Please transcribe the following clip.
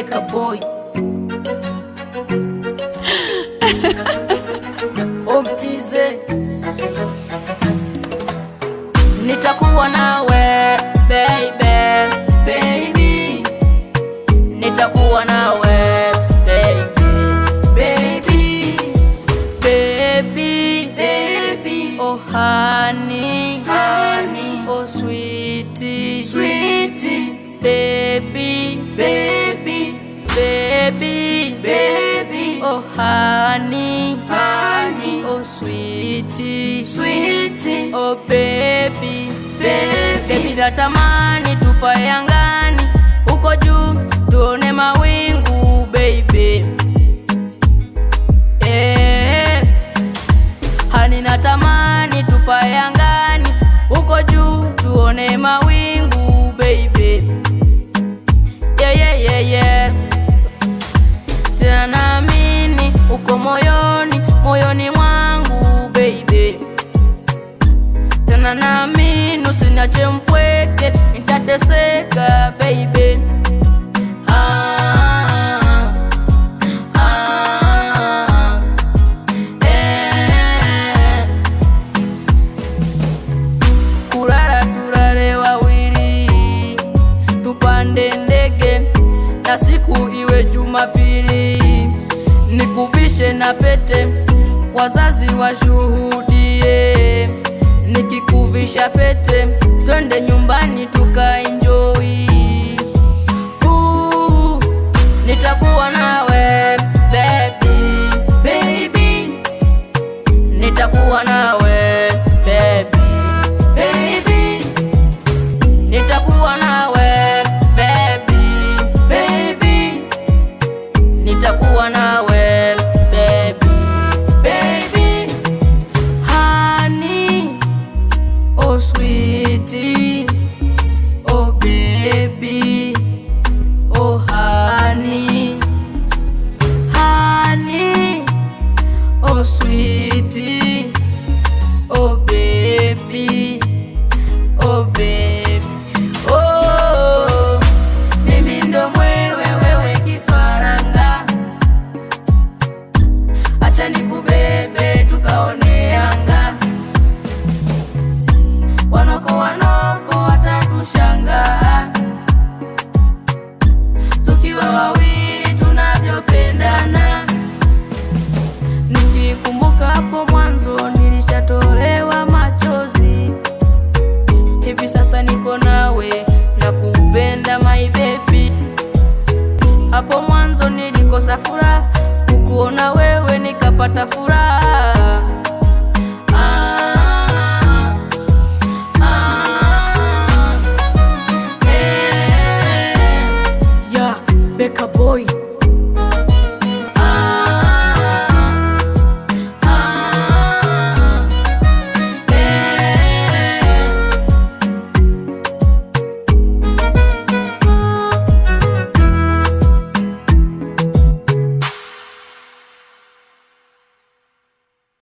Rebecca boy omtize, nitakuwa nawe baby, baby, nitakuwa nawe baby, baby, baby, oh honey, honey, oh sweetie, sweetie, baby, baby baby, baby, oh honey, honey, oh sweetie, sweetie, oh baby, baby, baby natamani tupae angani huko juu tuone mawingu baby, eh, honey natamani tupae angani huko juu tuone mawingu baby, yeah, yeah, yeah, yeah. upo moyoni, moyoni mwangu beibe tena naamini usiniache mpweke, nitateseka baby Tupande ndege na siku iwe Jumapili nikuvishe na pete, wazazi washuhudie. Nikikuvisha pete, twende nyumbani tukaenjoi. Uh, nitakuwa nawe tukubebe tukaone anga, wanoko wanoko watatushangaa tukiwa wawili tunavyopendana. Nikikumbuka hapo mwanzo nilishatolewa machozi, hivi sasa niko nawe na kupenda my baby. Hapo mwanzo nilikosa furaha kuona wewe nikapata furaha ah, ah, ah eh. yeah, boy